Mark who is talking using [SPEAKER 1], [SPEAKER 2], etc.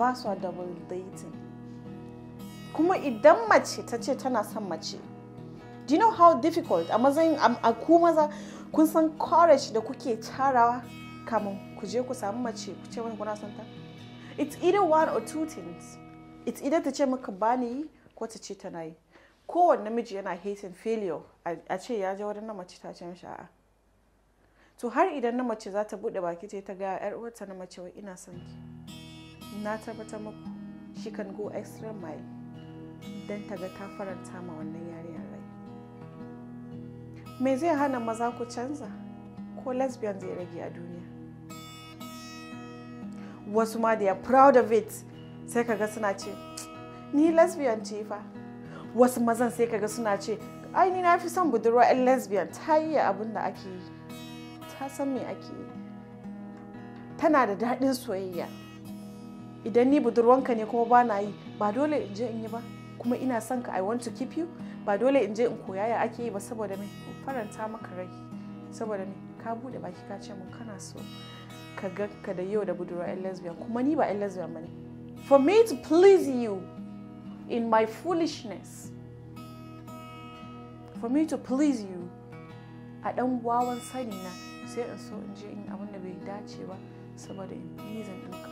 [SPEAKER 1] ba su double dating kuma idan mace ta ce tana son mace do you know how difficult a matsayin a ku maza kun san courage da kuke tarawa kamun ku je ku samu mace ku ce wani kuna son ta it's either one or two things it's either ta ce maka bani yi ko ta ce tana yi kowane namiji yana hating failure a ce ya je wadannan mace ta ce mishi to har idan na mace za ta bude baki ta ta ga yar uwarta na mace wai ina son ki na tabbatar muku she can go extra mile don ta ga ta faranta ma wannan yarinyar rai me zai hana maza ku canza ko lesbian zai rage a duniya wasu ma da ya proud of it sai kaga suna ce ni lesbian ce fa wasu mazan sai ka ga suna ce ai ni na fi son budurwa 'yan lesbian ta yi abin da ake yi ta san me ake yi tana da daɗin soyayya idan ni budurwanka ne kuma ba na yi ba dole in je in yi ba kuma ina son ka i want to keep you ba dole in je in koya ya ake yi ba saboda mai faranta maka rai saboda mai ka bude baki ka ce mun kana so ka ga ka da yau da budurwa yan lesbian kuma ni ba yan lesbian bane for me to please you in my foolishness for me to please you a dan wawan sani na sai in so in je in abin da bai dace ba saboda in please ɗinka